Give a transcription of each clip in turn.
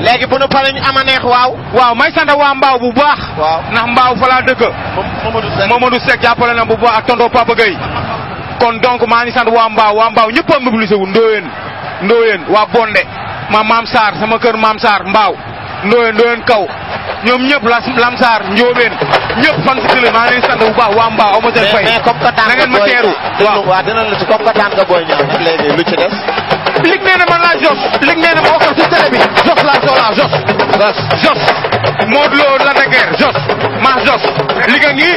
léegi bu nu paree ñu ama waaw. waaw may sant waa Mbaaw bu baax. waaw ndax Mbaaw fa laa dëkk. Mamadou Seck Mamadou Seck jàppale na kon donc maa ngi sant waa Mbaaw waa Mbaaw ñëpp a mobilisé wu waa Bonde ma maam Sarr sama kër maam Sarr Mbaaw Ndoyeen Ndoyeen kaw. ñoom ñëpp lamsaar njóobeen ñëpp fan si tële maa ngi bu baax waa mbaa amu seen fay mais comme que tànn ngeen ma teeru waaw dina la ci comme que tànn nga booy ñëw léegi lu ci des lig nee man laa jos lig nee ma okal si télé bi Lo la ngi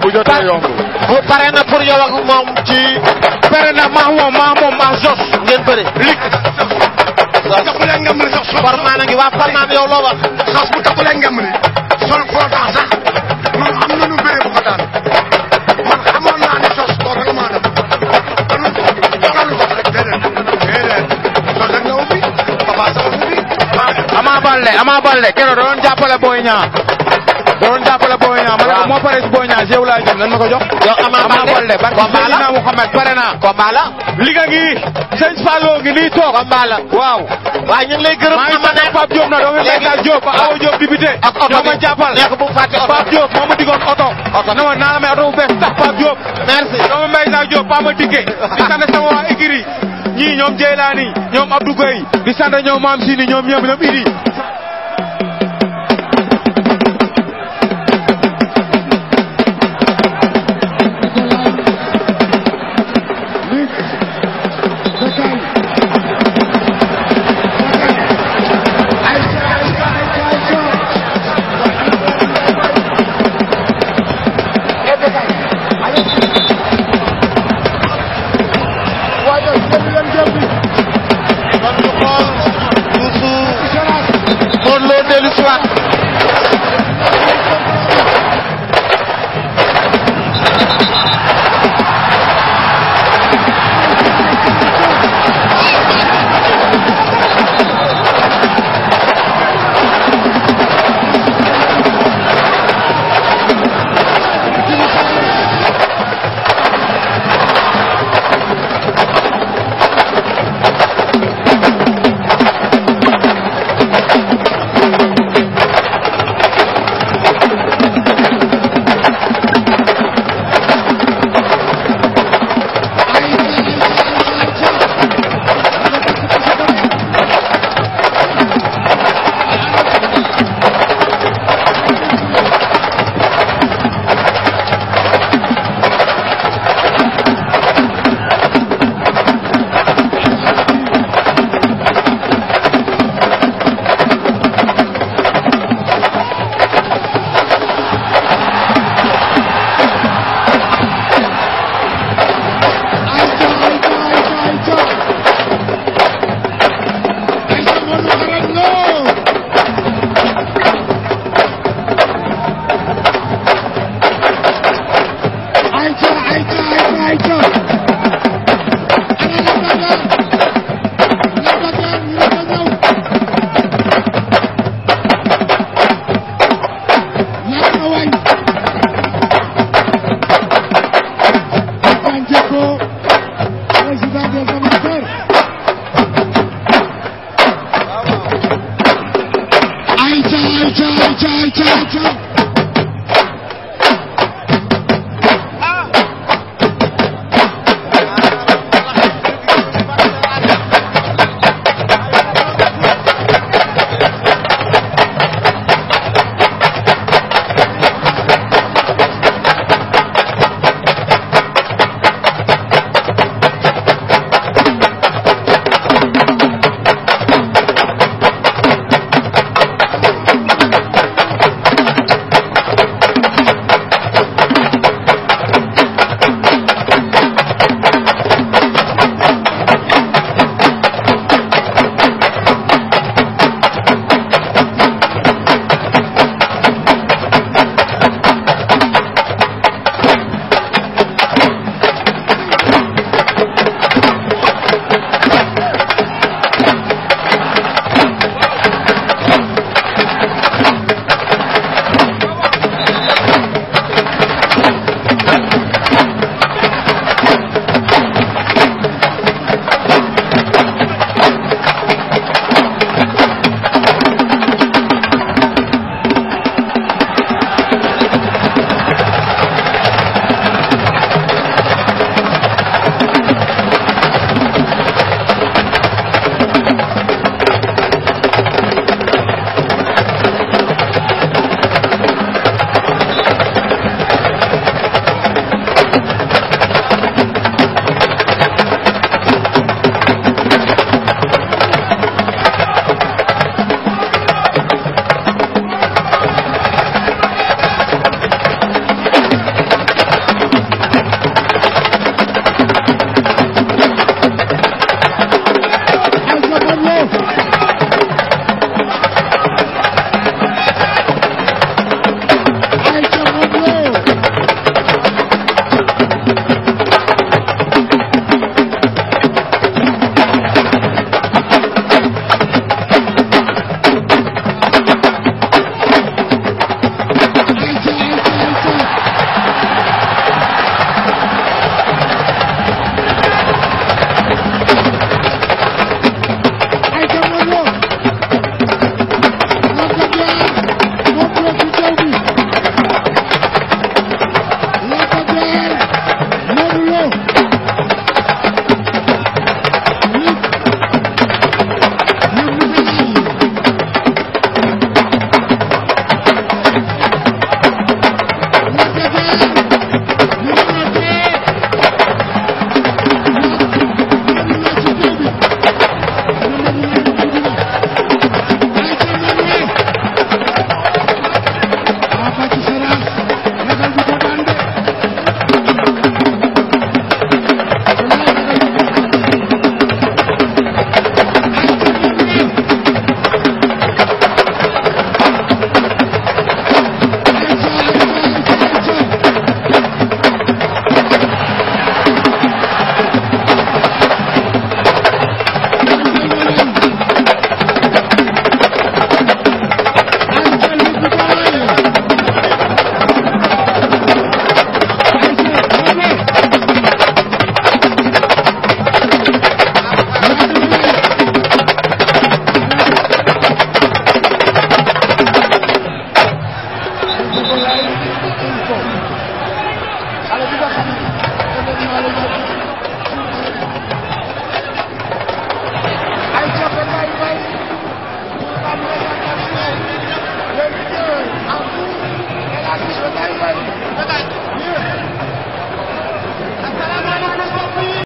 bu yomb bu na pour yow ak ci na ngeen lig bu takkulee ngem li sax sol format na ngi nga ubbi papa sax ubbi Ama Baldé Ama Baldé keroog da doon jàppale Boy Niang da doon jàppale Boy Niang si Boy Niang nan ma ko jox yow Ama Baldé barke Seydina Muhammad pare ngi sëñ Fallou ngi nii toog. Pambal waaw. waaw ñu ngi lay gërëm. maa ngi sant a Diop nag doomu Sénégal Diop a Awa Diop député. ak oto bi ma jàppal oto ma digoon oto. oto na ma naa la oto bu bees tax Pape Diop. merci doomu Mbaye Diop Pape ma dikkee. di sant sama waa Ikiri ñii ñoom Jeylaani ñoom Abdou Gueye di sant ñoom Mame Sini ñoom ñëpp ñoom Idi.